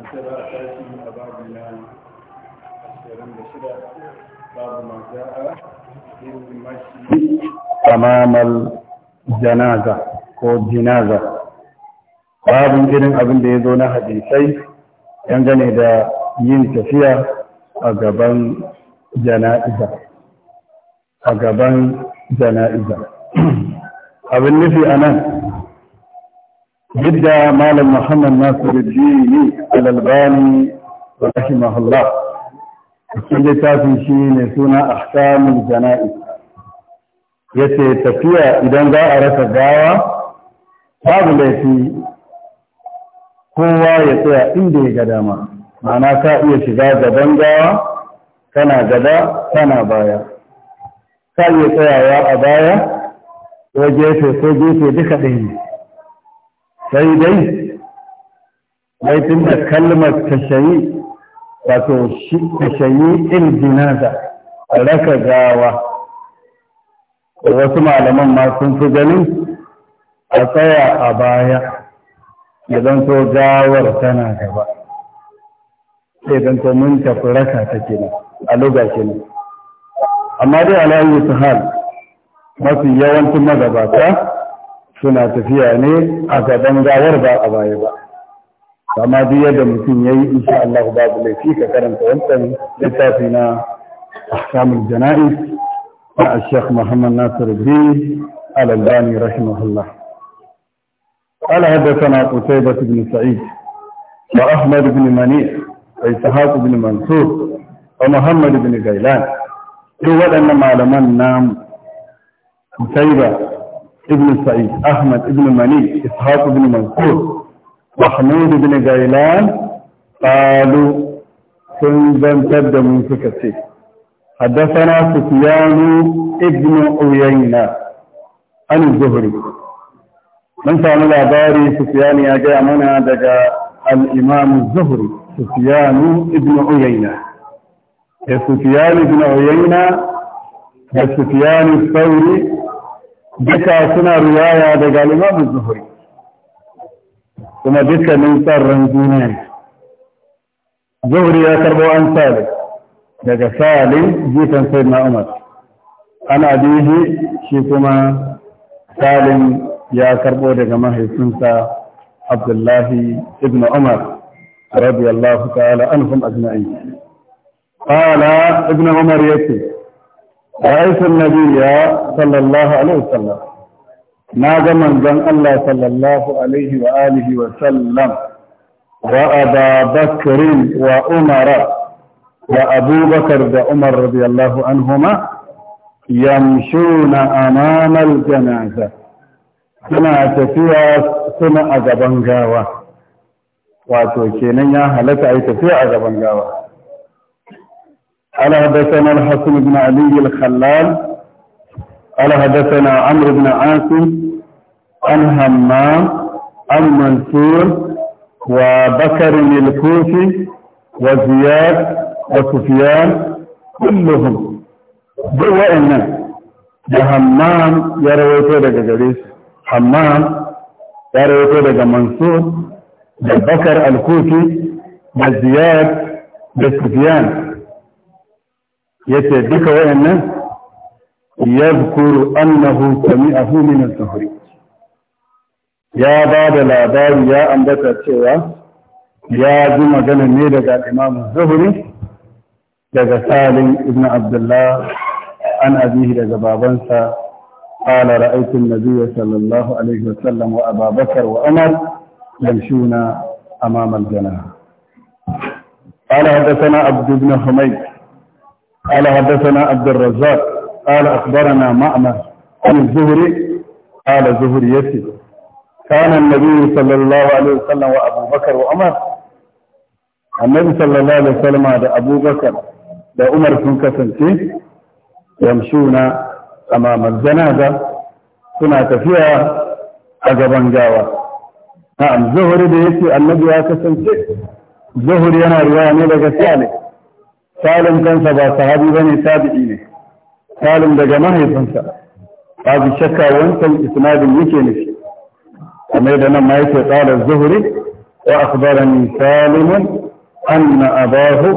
an tashi babu na ashirin janaza ko jinaza babin irin abin da ya zo na hadisai dangane da yin tafiya a gaban jana'iza a gaban jana'iza abin nufi a nan جدا مال محمد ناصر الدين الألباني رحمه الله كل تاسم شيء نسونا أحكام الجنائز يتي تفيا إذا جاء رأس الغاوة باب التي هو يتي إندي قداما معنى كأي إيه شجاة جدن جاوة جدا كان بايا كأي شجاة يا أبايا وجيت سجيت بخدهم sai dai laifin da kalmar tashayi wato tashayi in jinaza raka gawa wasu malaman ma sun fi ganin a tsaya a baya idan so gawar tana gaba sai zanto mun tafi raka ta kenan a luga kenan amma dai alayi su hal mafi yawancin magabata suna tafiya ne a gaban gawar ba a baya ba amma duk yadda mutum ya yi insha Allah babu laifi ka karanta wancan littafi na ahkamul jana'iz na Sheikh Muhammad Nasir bin Al-Albani rahimahullah قال حدثنا قتيبة بن سعيد وأحمد بن منيع وإسحاق بن منصور ومحمد بن غيلان duk waɗannan malaman na Musaiba ابن سعيد أحمد ابن مني إسحاق بن منصور محمود بن جيلان قالوا سنزن تبدأ من سكتي حدثنا سفيان ابن عيينة عن الزهري من سامي الأباري سفيان يا جامنا دقى الإمام الزهري سفيان ابن عيينة سفيان ابن عيينة سفيان الثوري duka suna riwaya daga limamin zuhuri kuma dukkanin tsarran duniya zuhuri ya karbo an sali daga salim jikan sai na umar an bihi shi kuma salim ya karbo daga mahaifinsa abdullahi ibn umar radiyallahu ta'ala anhum ajma'in qala ibn umar yake رأيت النبي صلى الله عليه وسلم ناغ من جن الله صلى الله عليه وآله وسلم وأبا بكر وعمر وأبو بكر وعمر رضي الله عنهما يمشون أمام الجنازة suna tafiya suna a gaban gawa wato kenan ya halatta a yi tafiya a gaban gawa على حدثنا الحسن بن علي الخلال على حدثنا عمرو بن عاصم عن همام عن منصور وبكر الكوفي وزياد وسفيان كلهم بو ان همام يروي تو دغ غريس همام يروي تو دغ منصور بكر الكوفي وزياد وسفيان yace duka wayannan yadhkuru annahu sami'ahu min az-zuhri ya bada labari ya ambata cewa ya ji magana ne daga imam zuhri daga salim ibn abdullah an abihi daga babansa qala ra'aytu an-nabiy sallallahu alaihi wa sallam wa ababakar wa umar yamshuna amama al-janah قال حدثنا عبد بن حميد قال حدثنا عبد الرزاق قال أخبرنا معنى عن الزهري قال زهري يسد كان النبي صلى الله عليه وسلم وأبو بكر وعمر النبي صلى الله عليه وسلم هذا أبو بكر وعمر أمر سنك يمشون أمام الزنادة كنا تفيا أجبا جاوة نعم زهري بيسي النبي آكسن سنتي زهري أنا رواني لك سالك salim kansa ba sahabi ba ne tabi'i ne salim daga mahaifinsa Ba bi shakka wancan isnadin yake nufi kamar da nan ma yake tsara zuhuri wa akhbarani salimun anna abahu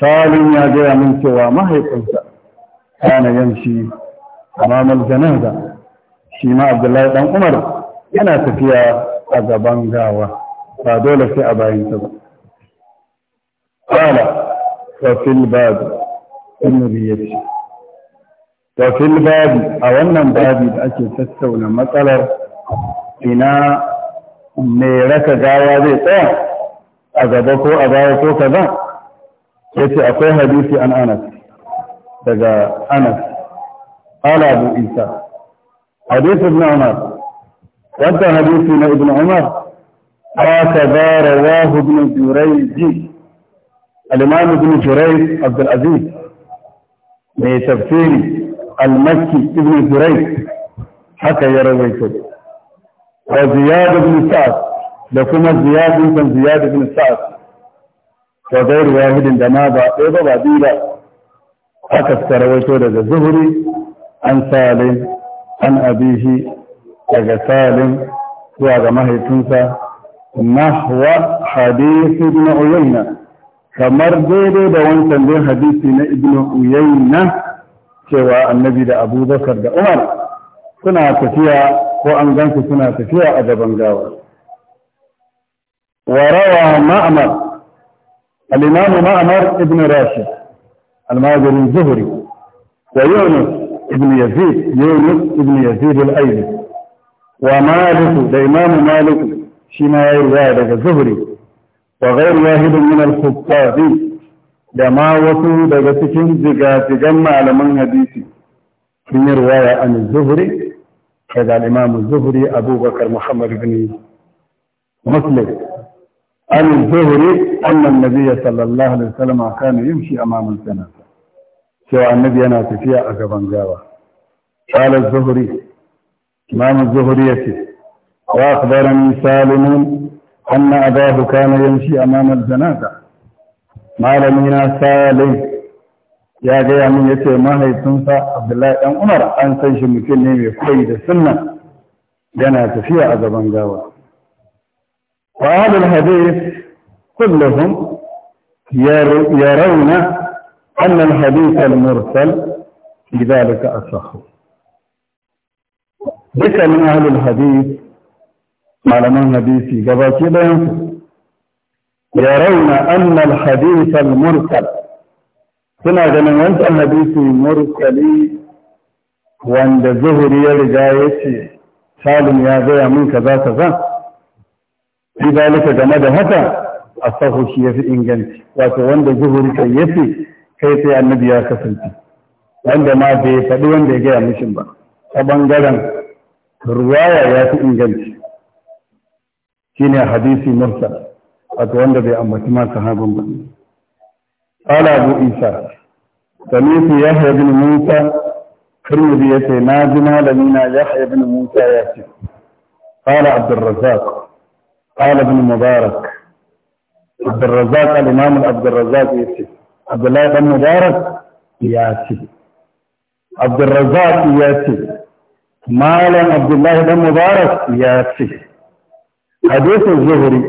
salim ya gaya min cewa mahaifinsa kana yanci amamal janaza shi ma abdullahi dan umar yana tafiya a gaban gawa ba dole sai a bayan ta ba ففي الباب النبي ففي الباب أو أن باب أجل تستولى مطلع إنا ميرك جاوزي طوح طيب، أجابكو أبايكو كذا يتي أقول حديثي عن أنس تجا أنس قال أبو إيسا حديث ابن عمر وانت حديثنا ابن عمر هكذا رواه ابن جريجي الإمام ابن جريج عبد العزيز لتفسير المكي ابن جريج حتى يرويته وزياد بن سعد لكم زياد بن زياد بن سعد وغير واحد عندما بعض بعضيلا حتى استرويته لذا الزهري عن سالم عن أبيه لذا سالم وعظمه تنسى نحو حديث ابن عيينه kamar dodo da wancan dai hadisi na ibnu uyayna cewa annabi da abu bakar da umar suna tafiya ko an gansu suna tafiya a gaban gawa warawa ma'amar al-imamu ma'amar ibn rashid al zuhri wa yunus ibn yazid yunus ibn yazid al-aili wa maliku da imamu maliku shi ma yayi daga zuhri وغير واحد من الخطاب لما وصول بسكن زكاة جمع من حديثي من رواية عن الزهري هذا الإمام الزهري أبو بكر محمد بن مسلم عن الزهري أن النبي صلى الله عليه وسلم كان يمشي أمام الجنازة سواء النبي أنا تفيا أقبا جاوة قال الزهري إمام الزهري يتي وأخبرني سالم أن أباه كان يمشي أمام الجنازة ما لمينا سالي يا جاي من يتي ما هي سنسا عبد الله أن أمر أن تنشي مكين في قيد السنة جنا تفيا أزبا جاوة وهذا الحديث كلهم يرون أن الحديث المرسل في ذلك أصح ذكر من أهل الحديث malaman hadisi gabaki ɗayan ya rauna annal hadisal mursal suna ganin wancan hadisi murkali. wanda zuhuri ya riga ya ce salim ya gaya min kaza kaza fi dalika game da haka a shi ya fi inganci wato wanda zuhuri kan ya kai sai annabi ya kasance wanda ma bai faɗi wanda ya gaya mishin ba ta ɓangaren ruwaya ya fi inganci shine حديثي مرسل أتوان wanda أما كما ma sahabin قال أبو إيسا سميت يحيى بن موسى ترمذي يتي ناجنا لمينا يحيى بن موسى ياتي قال عبد الرزاق قال ابن مبارك عبد الرزاق الإمام عبد الرزاق ياتي عبد الله بن مبارك ياتي عبد الرزاق ياتي مالا عبد الله بن مبارك ياتي hadisin zuhuri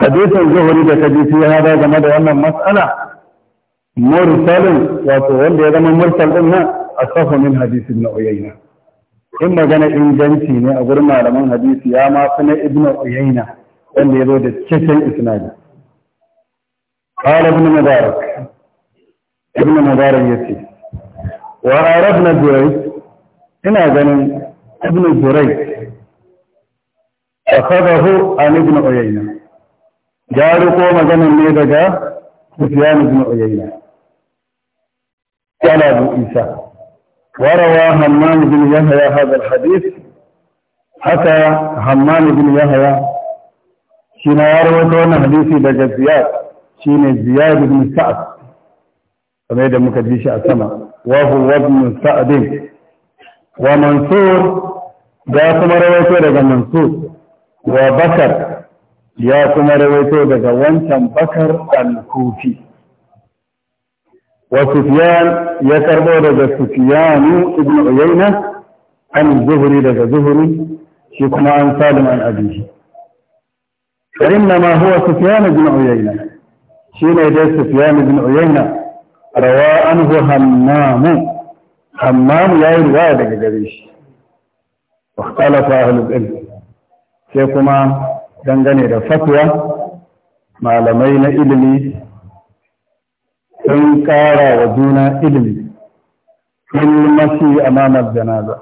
hadisin zuhuri da kaji fi hada game da wannan mas'ala mursalin wato wanda ya zama mursal din nan asahu min hadisin na uyayna in magana inganci ne a gurin malaman hadisi ya ma fi na ibnu uyayna wanda ya zo da cikin isnadi قال ابن مبارك ابن مبارك يتي وعرفنا جريج ina ganin ibn Jurayj أخذه عن ابن عيينة جاري قوم جن النيدة جاء سفيان بن عيينة قال أبو إيسا وروى همام بن يحيى هذا الحديث حتى همام بن يحيى شين يروى دون حديثي دجا زياد شين زياد بن سعد فميدا مكديش السماء وهو ابن سعد ومنصور جاء كما رويته لجا منصور wa bakar ya kuma rawaito daga wancan bakar al-kufi wa sufyan ya karbo daga sufyan ibn uyayna an zuhri daga zuhri shi kuma an salim an abihi fa inna ma huwa sufyan ibn uyayna shine dai sufyan ibn uyayna rawa anhu hammamu hammamu yayi riwaya daga gare shi واختلف أهل العلم sai kuma dangane da fatwa malamai na ilimi sun ƙara wa juna ilimi sun mashi amamar janaza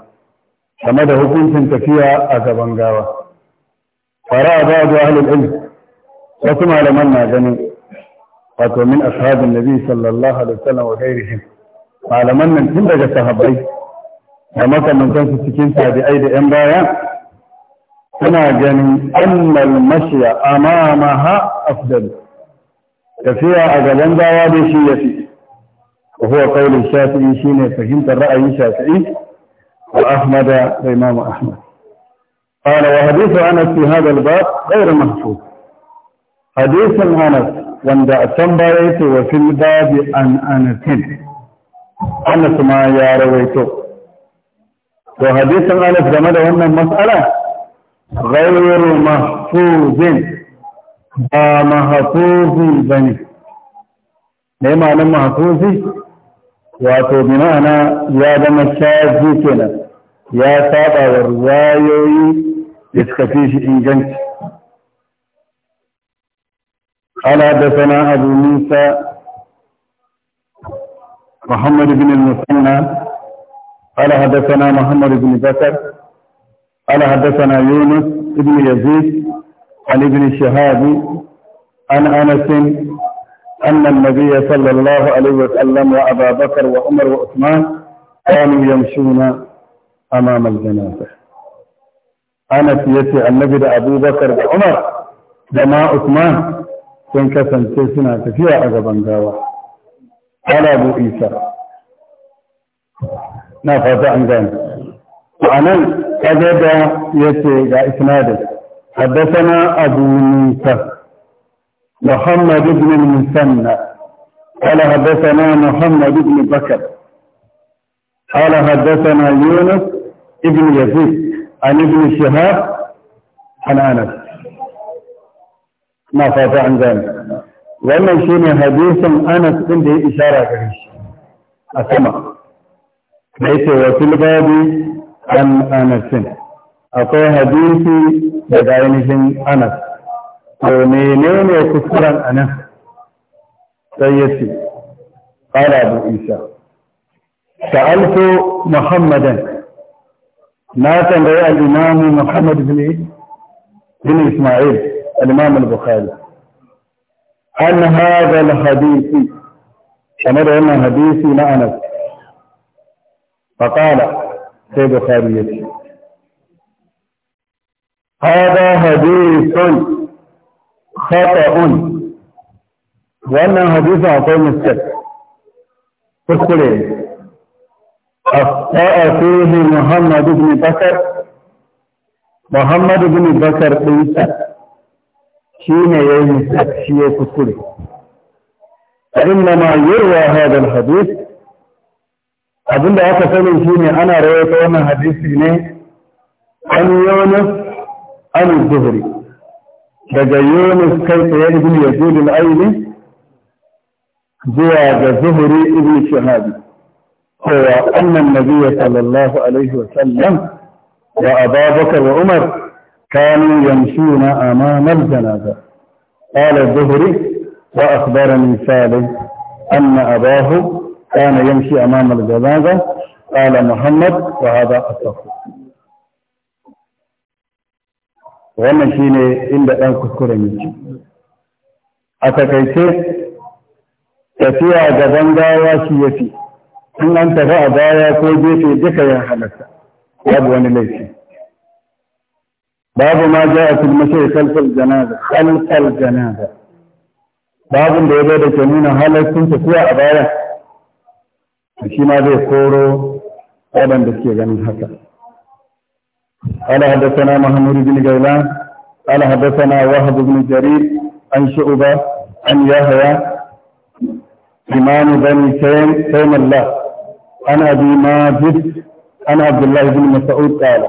game da hukuncin tafiya a gaban gawa fara ba da ahlul ilm wasu malaman na ganin wato min ashabin nabi sallallahu alaihi wasallam wa ghairihim malaman nan tun daga sahabbai da makamantan su cikin tabi'ai da yan baya suna ganin annal mashiya amamaha afdal tafiya a gaban gawa da shi وهو قول الشافعي شين فهمت الرأي الشافعي وأحمد الإمام أحمد قال وحديث أنس في هذا الباب غير محفوظ حديث أنس وندع أتمبريت وفي الباب أن أنس أنس ما يا رويته وحديث أنس جمد هنا المسألة غير محفوظ محفوظ بني لما معلم محفوظ واتو بمعنى يا دم الشاذي كنا يا سابع الروايوي يسكفيش انجنك قال حدثنا ابو موسى محمد بن المثنى قال حدثنا محمد بن بكر قال حدثنا يونس بن يزيد عن ابن شهاب عن أنس أن النبي صلى الله عليه وسلم وأبا بكر وعمر وعثمان كانوا يمشون أمام الجنازة أنس يتي النبي أبو بكر وعمر لما عثمان كان kasance suna tafiya a gaban gawa ابو عيسى. isa na fata وعلي كذب يتي إسناده حدثنا أبو موسى محمد بن المثنى قال حدثنا محمد بن بكر قال حدثنا يونس ابن يزيد عن ابن شهاب عن انس ما فات عن ذلك wannan شيني حديث آنس din إشارة ya isharar ليس وفي a an anasin akwai hadisi daga ainihin anas to menene kuskuren anan sai ya ce ƙara abu isa sa'alto muhammadan na tambayi al'imamu muhammad bin ismail al'imamu al-bukhari an haɗa al-hadisi game da wannan hadisi na anas faƙala sai Bukhari ya ce hada hadisun khata'un wannan hadisi akwai muskil kuskure أخطأ فيه محمد بن بكر muhammadu bin bakar. ɗinsa shi ne ya yi shi ya kuskure. فإنما يروى هذا الحديث abinda aka sani shine ana rawaita wannan hadisi ne an Yunus an Zuhri daga Yunus kai tsaye ibn Yazid al-Aini zuwa ga Zuhri ibn Shihab cewa annan nabiyyi sallallahu alaihi wa sallam da Abu Bakar wa Umar كانوا يمشون أمام الجنازة قال الزهري وأخبرني سالم أن أباه كان يمشي أمام الجنازة قال محمد وهذا أصح wannan shi ne inda ɗan kuskuren yake a takaice tafiya gaban gawa shi ya fi in an tafi a baya ko gefe duka ya halatta, babu wani laifi babu ma ja a filmashe kalfal janaza kalfal janaza babin da ya bai da ke nuna halarcin tafiya a baya shi ma zai koro waɗanda suke ganin haka قال حدثنا محمد بن جيلان قال حدثنا وهب بن جرير عن شعبة عن يحيى إمام بني تيم تيم الله عن أبي ماجد عن عبد الله بن مسعود قال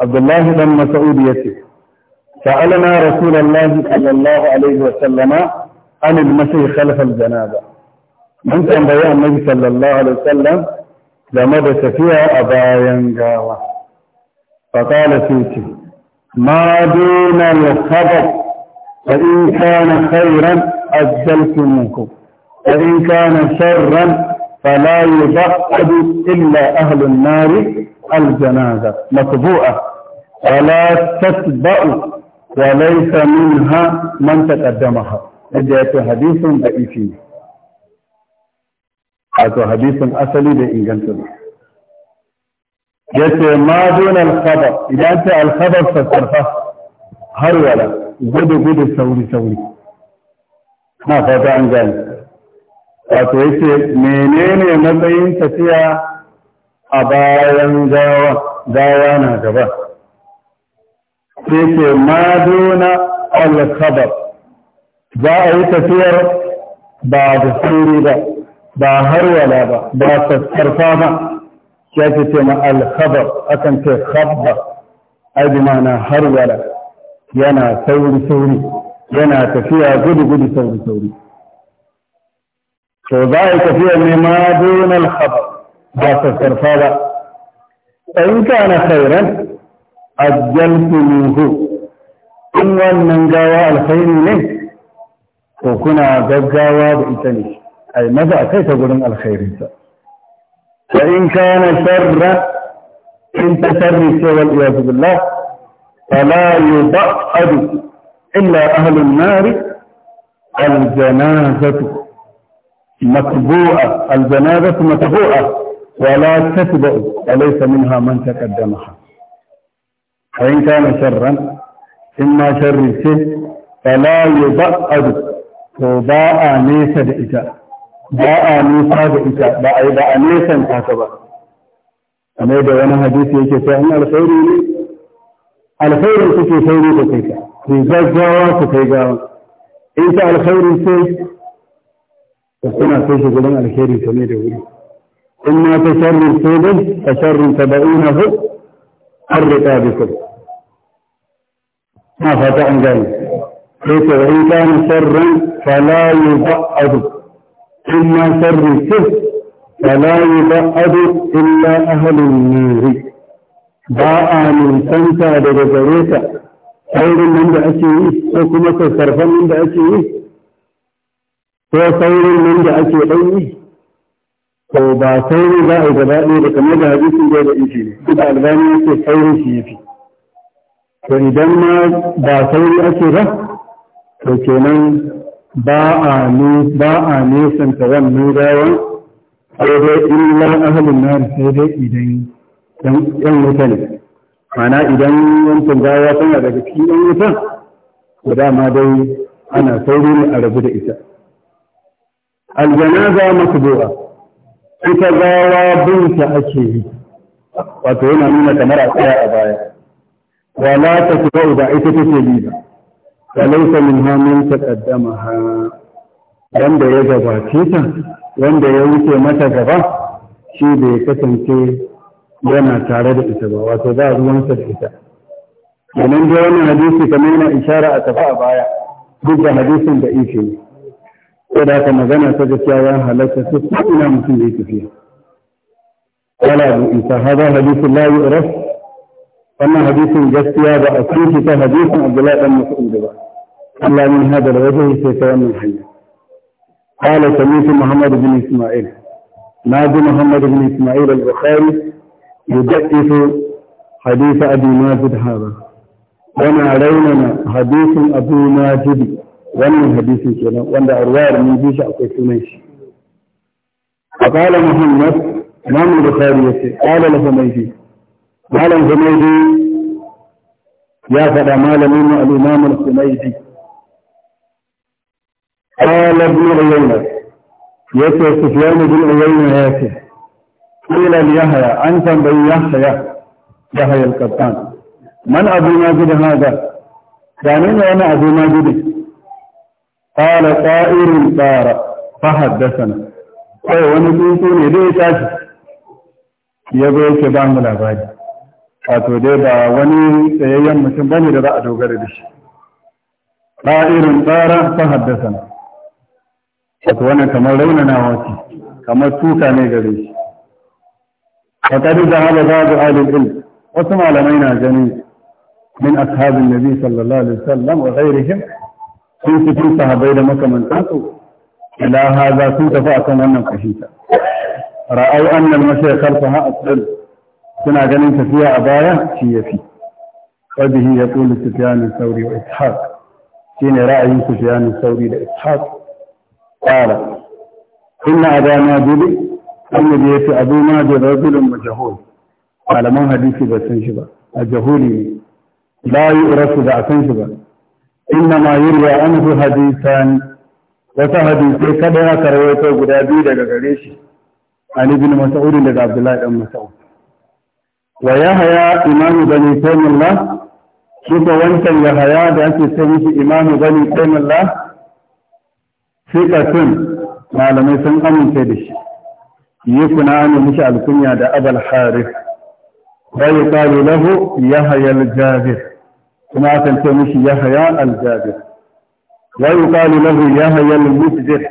عبد الله بن مسعود يتي سألنا رسول الله صلى الله عليه وسلم عن المسيح خلف الجنازة mun tambayi annabi sallallahu alaihi wasallam game da tafiya a bayan gawa faƙala sai ce ma duna al-khabar fa in kana khairan minku wa in kana sharran fala فلا يبعد إلا أهل النار الجنازة مطبوعة ولا تتبع وليس منها من تقدمها هذا hadithun da'ifin wato hadisin asali da inganta ne yace ma dona al-khabar idan ta al-khabar fasarfa har wala gudu gudu sauri sauri na fata an gani wato yace menene matsayin tafiya a bayan gawa gawa na gaba yace ma dona al-khabar za a yi tafiyar ba da sauri ba ba har wala ba ba sassarfa ba ya ce ce ma alkhabar akan ce khabba ai bi ma'ana har wala yana sauri sauri yana tafiya gudu gudu sauri sauri to za a yi tafiya ne ma dun alkhabar ba sassarfa ba in kana khairan ajjaltu minhu in wannan gawa alkhairi ne to kuna gaggawa da ita ne أي ماذا أتيت قلن الخير إنت فإن كان شر إن تشرس والإياذ بالله فلا يبعد إلا أهل النار الجنازة مكبوعة الجنازة مكبوعة ولا تتبأ وليس منها من تقدمها فإن كان شرا إما شرسه فلا يبعد فوضاء نيسد إجاء ba a nisa da ita ba a yi ba a nesan ta ba kamar da wani hadisi yake cewa in alkhairi ne alkhairin suke sauri da kai ka ku gaggawa ku kai gawa in ta alkhairin sai da suna kai shi gudan alkhairi ta ne da wuri in ma ta sharrin sai dai ta sharrin ta ba'ina hu an riƙa bi ku na fata an gane sai ta wani kana sharrin fala yi ba'adu إما شر الشرك فلا يبعد إلا أهل النير باء من سنتا دجريتا خير من دعشي حكمة صرفا من دعشي هو خير من دعشي غيره to ba sauri za a gaba ɗaya da kamar da hadisin da da ifi ne kuma albani yake sauri shi yafi to idan ma ba sauri ake ba to kenan ba a ne ba a nesanta wannan gawa sai dai illa da sai dai idan yan wuta ne mana idan yankin gawa suna daga cikin yan wuta ko dama dai ana sauri ne a rabu da ita aljanaza zuwa ita gawa binta ake yi wato yana nuna kamar a tsaya a baya wala ta da ita take yi ba falaisa min hamun ta wanda ya gabace ta wanda ya wuce mata gaba shi bai kasance yana tare da ita ba wato za a ruwan da ita kenan da wannan hadisi kamar yana ishara a tafi a baya duk da hadisin da ishe ne ko da haka magana ta gaskiya ya halatta su ko ina mutum zai tafiya قال أبو إيسى هذا حديث لا يعرف أما حديث gaskiya ba a san shi ta hadisin Abdullahi dan هذا ba Allah الحي قال سميت محمد بن إسماعيل نادي محمد بن إسماعيل البخاري يدقق حديث أبي ماجد هذا وما علينا حديث أبو ماجد ومن حديث كنا وأن أروار من جيش أقسميش فقال محمد من نعم البخاري قال له ميدي malam humaydi ya faɗa malamin mu al-imam al-humaydi qala ibn uyayna yace sufyan yace qila li yahya anta bi yahya yahya al-qattan man abu majid hada dani ne wani abu majid qala qa'irun tara fa haddathana kai wani tsuntsu ne dai ya tashi yazo yake bamu labari wato dai ba wani tsayayyen mutum ba ne da za a dogara da shi Ba irin tsara ta haddasa wato wani kamar na ce kamar tuka ne gare shi ƙari da haɗa za a ilm wasu malamai na gani min ashabin nabi sallallahu alaihi wasallam wa ghairihim sun fito sahabai da makamantansu ila haza sun tafi akan wannan fahimta ra'au annal mashayikh al-fa'a asdal suna ganin tafiya a baya shi ya fi wabihi ya tsoli sufiyanin sauri wa ishaq shi ne ra'ayin sufiyanin sauri da ishaq ƙara inna a dama bibi annabi ya fi abu ma da rajulun majahul malaman hadisi ba san shi ba a jahuli ne la yi urasu da a san shi ba inna ma yurwa anhu hadisan wata hadisai kada ya karwaito guda biyu daga gare shi an ibn mas'ud daga abdullahi dan mas'ud ويهيا إمام بني تيم الله شوف وانت يهيا ده أنت تسميه إمام بني تيم الله ثقة ما لم يسن أمن تدش يكون عامل مش على الكنيا ده أبا الحارث ويقال له يهيا الجابر كما تنسى مش يهيا الجابر ويقال له يهيا المسجر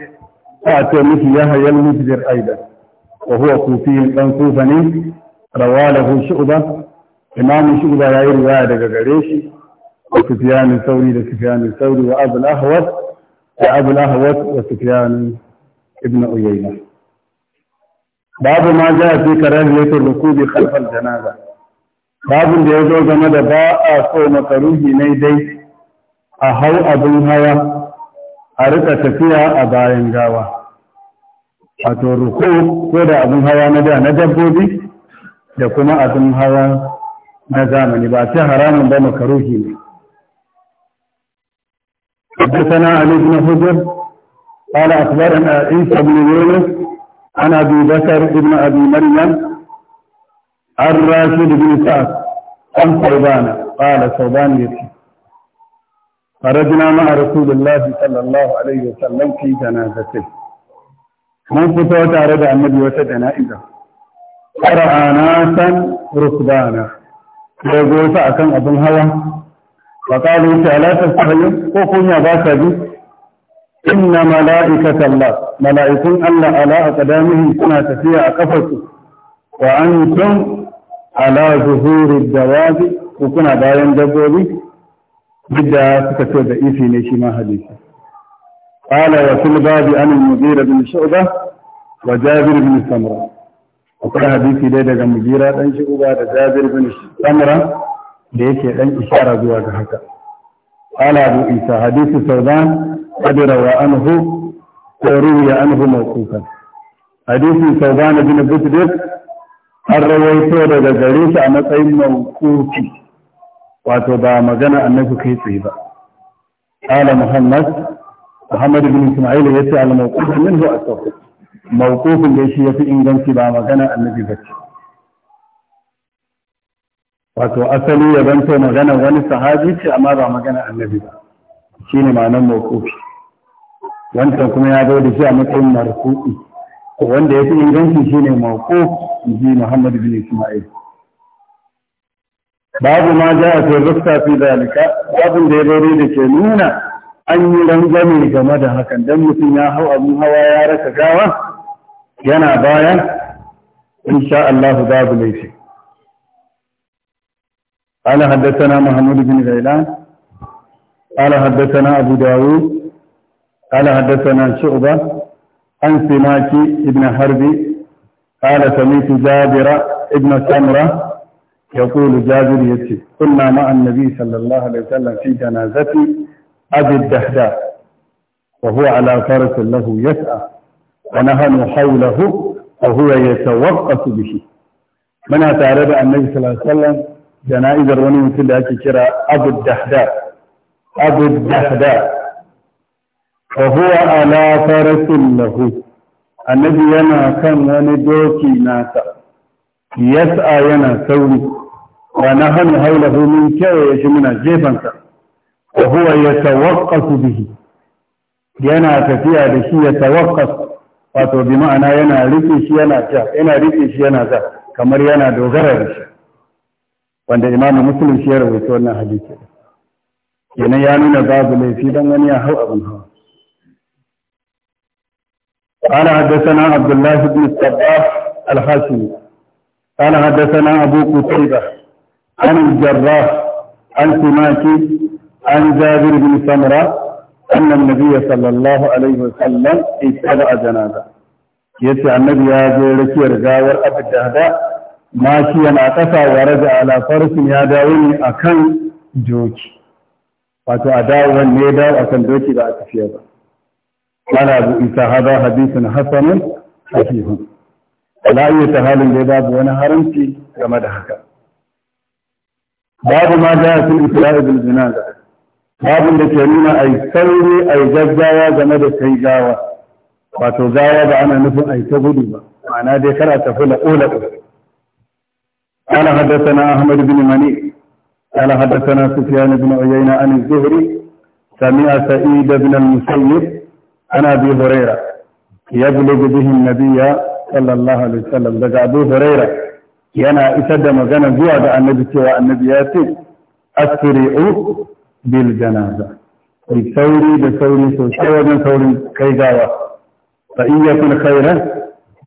أعطى مش يهيا المسجر أيضا وهو كوفي كان كوفني rawalahu shu'ba imamu shu'ba yayi riwaya daga gare shi wa sufyan sauri da sufyan sauri wa abul ahwas da abul ahwas wa sufyan ibn uyayna babu ma ja fi karahiyatul rukubi khalf al janaza babun da yazo game da ba a so makaruhi ne dai a hau abin hawa a rika tafiya a bayan gawa wato ruku ko da abin hawa na da na dabbobi da kuma abin hawa na zamani ba ce haramun ba makaruhi ne حدثنا علي بن حجر قال أخبرنا عيسى بن يونس عن أبي بكر بن أبي مريم عن راشد بن سعد عن ثوبان قال ثوبان يبكي خرجنا مع رسول الله صلى الله عليه وسلم في جنازته من فتوى تعرض عن النبي وتجنائزه ƙara'a na san rukbana ya gosa a kan abin hawa ba ƙalu ta alatar sahayin ko kunya ba ka bi inna mala'ika Allah mala'ikun Allah ala a ƙadamihi suna tafiya a ƙafarsu wa an tun ala zuhurin dawazi ko kuna bayan dabbobi duk da suka ce da isi ne shi ma hadisi قال وفي الباب عن المغيرة بن شعبة وجابر بن سمره akwai hadisi dai daga mujira dan shi uba da jabir bin samra da yake dan ishara zuwa ga haka Ala abu isa hadisi saudan qad rawa anhu wa ruwiya anhu mawqufan hadisi saudan bin budr an rawaito daga gare shi a matsayin mawqufi wato ba magana annabi kai tsaye ba Ala muhammad muhammad bin isma'il yace al mawquf minhu as-sawt mawqufin da shi yafi inganci ba magana annabi bace wato asali ya zanto magana wani sahabi ce amma ba magana annabi ba shine ma'anar mawqufi wancan kuma ya zo da shi a matsayin marfu'i wanda ya fi inganci shine mawquf ji Muhammad bin Isma'il babu ma ja a cikin rufta fi zalika babu da ya da ke nuna an yi rangame game da hakan dan mutum ya hau abin hawa ya raka gawa yana bayan insha Allah babu laifi قال حدثنا محمود بن غيلان قال حدثنا أبو داود قال حدثنا شعبة عن سماك بن حرب قال سميت جابر ابن سمرة يقول جابر يتي كنا مع النبي صلى الله عليه وسلم في جنازة أبي الدحداء وهو على فرس له يسعى ونحن حوله وهو يتوقف به من تعرف ده النبي صلى الله عليه وسلم جنائز الرمي من كل هكي أبو الدحداء أبو الدحداء وهو على فرس له النبي ينا كان وندوكي ناسا يسعى ينا سوري ونحن حوله من كي يجمنا جيبا وهو يتوقف به ينا تفيا بشي يتوقف wato bi ma'ana yana rike shi yana ja yana rike shi yana za kamar yana dogara da shi wanda imamu muslim shi ya rawaito wannan hadisi kenan ya nuna babu laifi dan wani ya hau abin hawa قال حدثنا عبد الله بن الصباح الحاشمي قال حدثنا أبو قتيبة عن الجراح عن سماك عن جابر بن سمرة أن النبي صلى الله عليه وسلم اتبع جنازة يتي النبي يا جيرك يرغاور أبو الدهداء ما شي أنا قفى ورجع على فرس يا داويني أكن جوكي wato a dawowar ne dawo a kan doki ba a tafiya ba قال أبو إيسى هذا حديث حسن صحيح ولا أي حال لباب وانا هرمتي كما دهك باب ما جاء في الإسراء بالجنازة babin da ke nuna ai sauri ai gaggawa game da kai gawa wato gawa ba ana nufin ai ta gudu ba ma'ana dai kar a tafi la'ula قال حدثنا أحمد بن مني قال حدثنا سفيان بن عيينة عن الزهري سمع سعيد بن المسيب عن أبي هريرة يبلغ به النبي صلى الله عليه وسلم لقى أبو هريرة ينا إسد مغانا زوى النبي سوى النبيات أسرعوا بالجنازة الثوري ثوري بثوري ثوري من ثوري كيداوة فإن يكون خيرا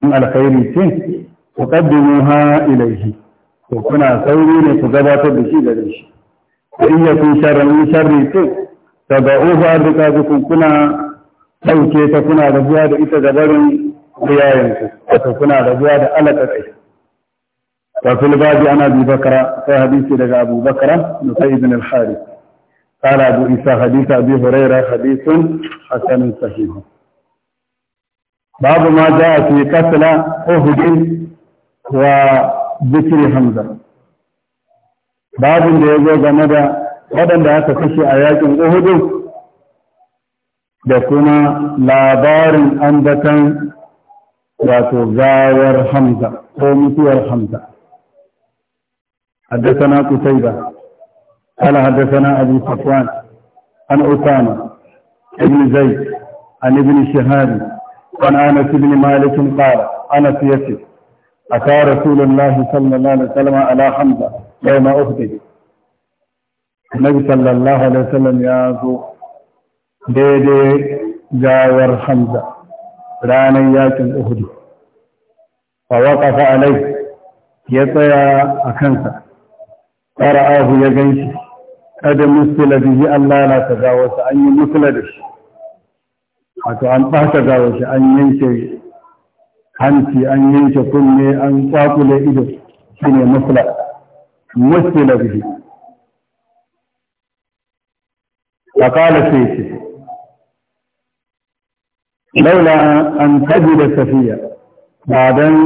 من الخير سنه تقدموها إليه وكنا ثوري لتقبط بشي ذريش فإن يكون شر من شر سنه تضعوها بكاتكم كنا أو كي تكون رجوع إذا قدروا قيائكم وتكون على رجوع على كريه وفي الباب أنا أبي بكرة في حديث أبو بكرة نقي بن الحارث قال أبو إيسى حديث أبي هريرة Babu حسن صحيح باب ما جاء في قتل أهد وذكر حمزة babin da ya zo game da waɗanda aka kashe a yakin Uhudu da kuma labarin ambatan wato gawar Hamza ko mutuwar Hamza. na قتيبة قال حدثنا أبو صفوان عن أسامة بن زيد عن ابن شهاب عن أنس بن مالك قال أنس يسف أتى رسول الله صلى الله عليه وسلم على حمزة يوم أخته النبي صلى الله عليه وسلم يازو daidai gawar hamza ranar yakin uhudu a waƙafa alai ya tsaya a kansa ƙara'ahu ya ganshi kada musula bihi Allah na ta gawo sa an yi musula da shi wato an ɓata gawo shi an yanke hanci an yanke kunne an kwakule ido shi ne musula musula bihi a kala sai ce laula an tabi da safiya ba don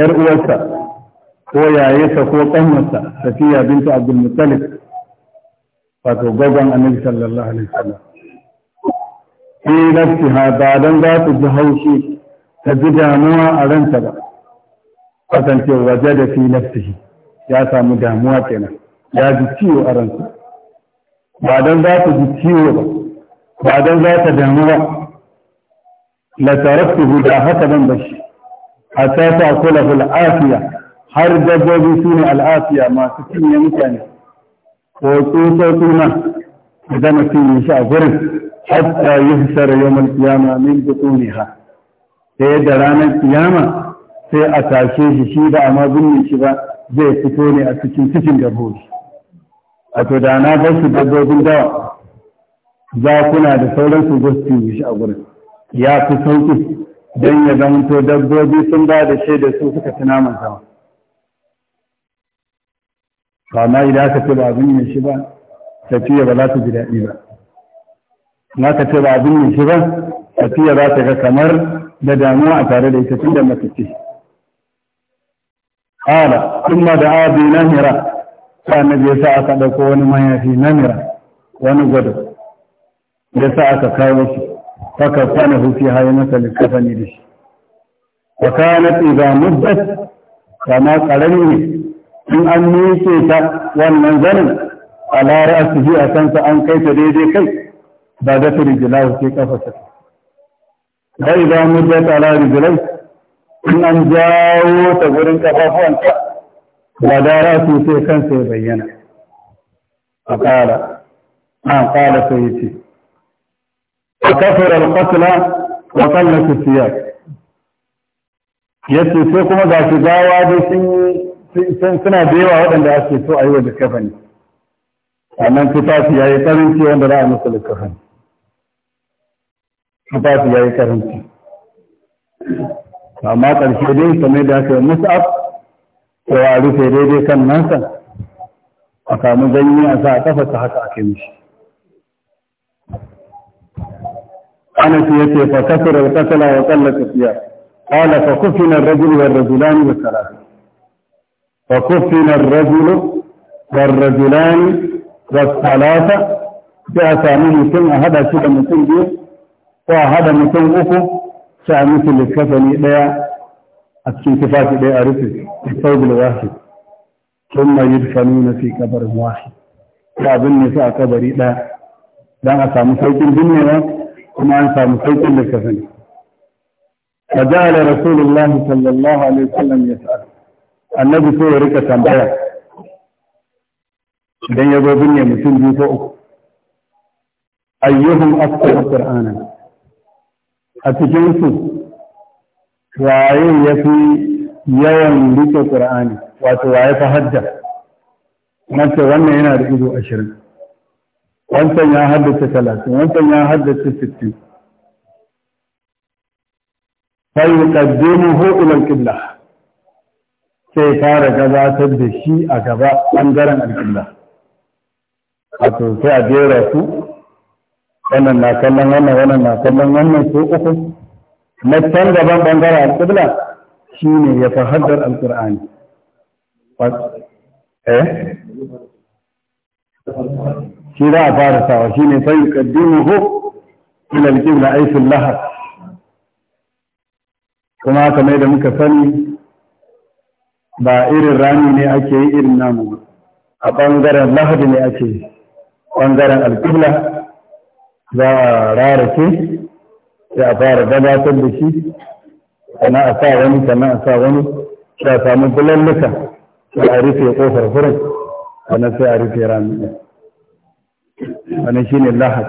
‘yar uwarsa ko yayesa ko ƙanwarsa safiya bintu abdulmuttalib wato gwagwan annabi sallallahu alaihi wasallam fi ha ba dan za ta ji haushi ta ji damuwa a ranta ba kasance waje da fi nafsihi ya samu damuwa kenan ya ji ciwo a ranta. ba dan za ta ji ciwo ba ba dan za ta damu ba la taraktuhu da haka ban bashi hatta ta kula fil afiya har dabbobi su ne al'afiya masu cinye mutane ko tsoto suna da zama cinye shi a gurin hatta yi hisar yawon kiyama min butuniha sai da ranar kiyama sai a tashe shi shi ba amma ma shi ba zai fito ne a cikin cikin dabbobi a to da na bar dabbobin dawa zakuna da sauran su zo su shi a gurin ya fi sauki don ya zamanto dabbobi sun ba da shaida su suka fi naman sama kama idan aka ce ba abin ne shi ba tafiya ba za ta ji daɗi ba in aka ce ba abin ne shi ba tafiya za ta ga kamar da damuwa a tare da ita tun da mace ce qala da da'a bi namira sai na ya sa aka ɗauko wani mayafi namira wani gwado ya sa aka kawo shi faka kana hufi haye masa likafani da shi wa kanat idza muddat kama qarani in an miƙe ta wannan zanin a lara asibi a kansa an kai ta daidai kai ba da ta rijilau sai kafa ta bai za mu ja ta lara rigila in an jawo ta gurin kafafuwanta ba da su sai kansa ya bayyana a ƙara A ƙara sai yi ce وكثر القتل وقلت الثياب yace sai kuma ga shi gawa da sun yi suna da yawa waɗanda ake so a yi wa likafani sannan tufafi ya yi karanci wanda za a musu likafani tufafi ya yi karanci amma ƙarshe dai kamar da aka yi mus'af ko a rufe daidai kan nasa a kamu ganye a sa a kafa ta haka ake mishi أنس يتي فكثر القتل وقل القتيال قال فكفن الرجل والرجلان والثلاثة فكفن الرجل والرجلان والثلاثة جاء سامي متن هذا شد متن بيو وهذا متن أكو سامي للكفن إليا السنتفات إليا رفل الثوب الواحد ثم يدفنون في كبر واحد لا بني في كبر إليا لا أسامي سيد الدنيا وما أنسى سيد للكفن فجعل رسول الله صلى الله عليه وسلم يسأل annabi so ya rika tambaya idan ya zo binne mutum biyu ko uku ayyuhum akthar qur'ana a cikin su waye fi yawan rike qur'ani wato waye fa hadda nace wannan yana da ido 20 wancan ya haddace 30 wancan ya haddace 60 fa yuqaddimuhu ila al-qibla sai fara gabatar da shi a gaba ɓangaren alƙibla wato sai a jera su wannan na kallon wannan wannan na kallon wannan su uku na can gaban ɓangaren alƙibla shi ne ya fi haddar alƙur'ani eh shi za a fara sawa shi ne sai kaddimuhu ila alƙibla aikin lahar kuma kamar da muka sani ba irin rami ne ake yi irin namu ba a ɓangaren lahadi ne ake yi ɓangaren alƙibla za a rarake sai a fara gabatar da shi sannan a sa wani sannan a sa wani sai a samu bulalluka sai a rufe ƙofar furin sannan sai a rufe rami ɗin wannan shine lahad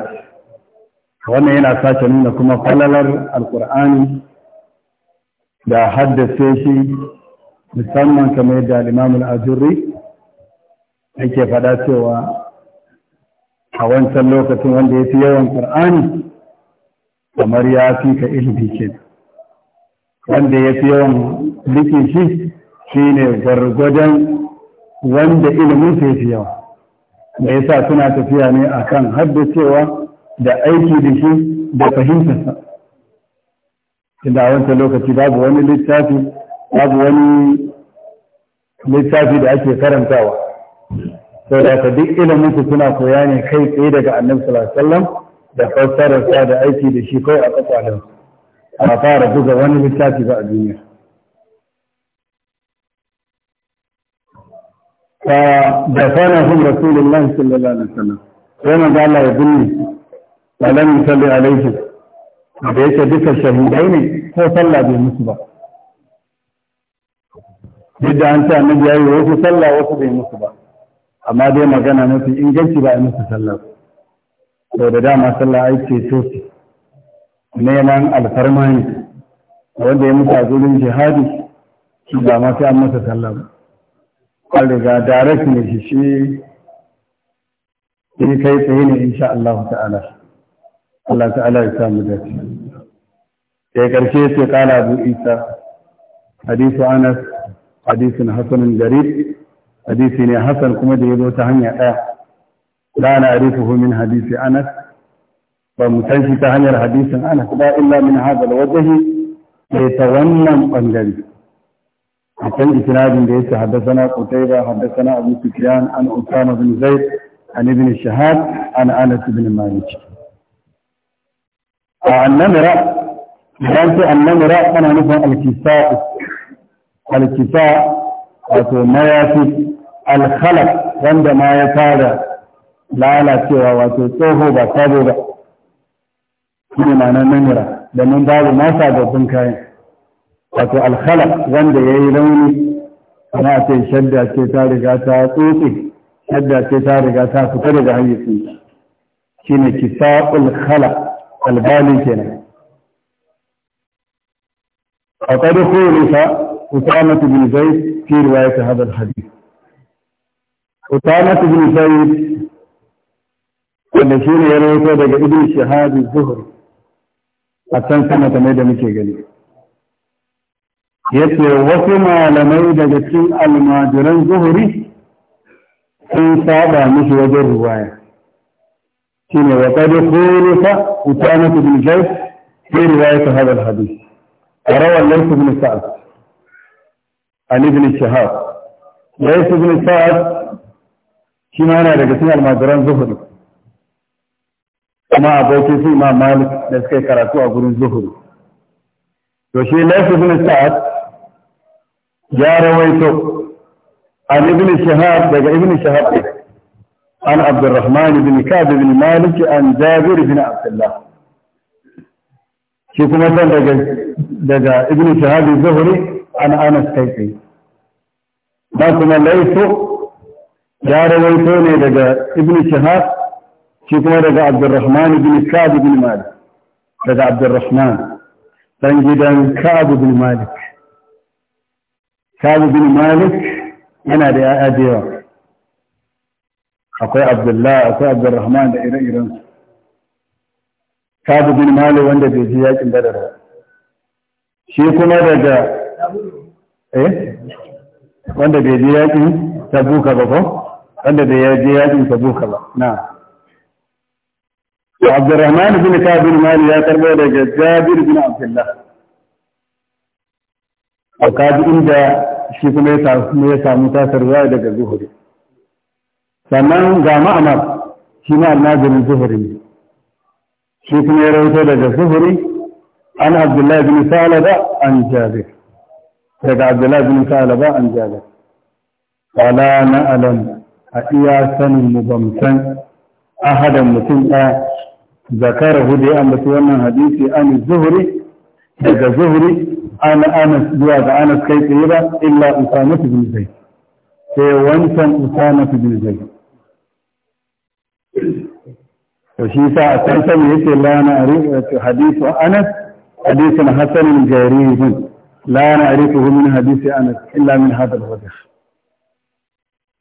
wannan yana sace nuna kuma falalar alƙur'ani da haddace shi musamman kamar yadda limamin ajurri yake faɗa cewa a wancan lokacin wanda ya fi yawan ƙar'ani kamar ya fi ka ilmi ke wanda ya fi yawan likin shi shi ne gargwajen wanda ilimin sai fi yawa da sa suna tafiya ne akan haddacewa da aiki da shi da fahimtarsa inda a wancan lokaci babu wani littafi babu wani littafi da ake karantawa sau da duk ilimin su suna koya ne kai tsaye daga annabi sallallahu alaihi wasallam da fassararsa da aiki da shi kai a kwakwalen ba fara buga wani littafi ba a duniya da sana hun rasulullahi sallallahu alaihi wasallam sai manzo Allah ya binne wa lam yusalli alaihi da yake duka shahidai ne ko sallah bai musu ba duk da an ce annabi ya yi wasu sallah wasu bai musu ba amma dai magana mafi inganci ba a musu sallah sau da dama sallah ai ce to neman alfarma ne wanda ya musu a zurin jihadi shi ba ma sai an masa sallah ba an ga direct ne shi shi shi kai tsaye ne insha Allah ta'ala Allah ta'ala ya samu dace sai karshe sai kala Abu Isa hadisu Anas hadisin hasanun garib hadisi ne hasan kuma da ya zo ta hanya ɗaya la na arifuhu min hadisi anas ba mu san shi ta hanyar hadisin anas ba illa min hadha alwajhi sai ta wannan bangare akan isnadin da yake haddathana qutayba haddathana abu sufyan an usama bin zaid an ibn shahab an anas bin malik a annamira idan sai annamira ana nufin alkisa'i alkisa wato mayafi alkhalaf wanda ma ya fada lalacewa wato tsoho ba sabo ba shi ne ma'anar namira domin babu masa sababbin kayan wato alkhalaf wanda ya yi rauni ana ce shadda ce ta riga ta tsotse shadda ce ta riga ta fita daga hayyacin shi ne kisa ulkhalaf albali kenan a ƙarfi أسامة بن زيد في رواية هذا الحديث أسامة بن زيد الذين يروون ذلك ابن شهاد الظهر أتن سنة ميدا مكي قليل يتي وكما لمي دجتين المادرين ظهري سن صابا مش وجر رواية كما وقد خولف أسامة بن زيد في رواية هذا الحديث وروى الليث بن سعد عن ابن الشهاب ليس ابن الشهاب كما أنا رجسي المادران زهر ما أبوكي في ما مالك نسكي كراتو أقولون زهر وشي ليس ابن الشهاب يا رويتو عن ابن الشهاب لقى ابن الشهاب عن عبد الرحمن بن كعب بن مالك عن جابر بن عبد الله شوفوا مثلا لقى ابن الشهاب الزهري an anas kai tsaye ba kuma laifu ya rawaito ne daga ibn shahab shi kuma daga abdurrahman ibn ka'ab ibn malik daga abdurrahman dan gidan ka'ab ibn malik ka'ab ibn malik yana da ya'ya da yawa akwai abdullah akwai abdurrahman da ire-iren su ka'ab ibn malik wanda bai ji yakin badar ba shi kuma daga eh wanda bai je yakin tabuka ba ko wanda bai je yakin tabuka ba na عبد الرحمن بن كعب bin مالك ya karɓo daga Jabir bin Abdullah a kaji inda shi kuma ya samu tasar ruwa daga zuhuri sannan ga ma'amar shi ma almajirin zuhuri ne shi kuma ya rahoto daga zuhuri an abdullahi bin salaba an jabir daga abdullahi bin ba an jaga wala na alam a iya sanin mu bamsan ahadan mutum ɗaya zakara hudu ya ambaci wannan hadisi an zuhuri daga zuhuri an anas zuwa ga anas kai tsaye ba illa usama bin zaid sai wancan usama bin zaid to shi sa a can sani yake la na hadisi anas hadisin hasanin jarirun لا نعرفه من حديث أنس إلا من هذا الوجه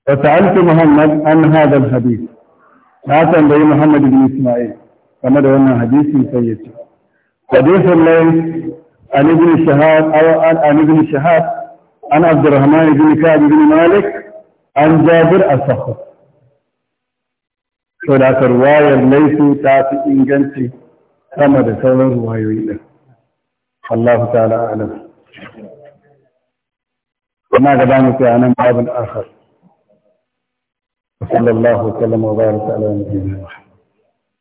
وسألت محمد عن هذا الحديث لا تنبي محمد بن إسماعيل كما دعونا حديث سيد حديث الليل عن ابن شهاب أو عن ابن شهاب عن عبد الرحمن بن كعب بن مالك عن جابر الصخر saboda ruwayar ليس تاتي fi inganci sama da sauran الله تعالى أعلم وما قدامك عن باب آخر وصلى الله وسلم وبارك على نبينا محمد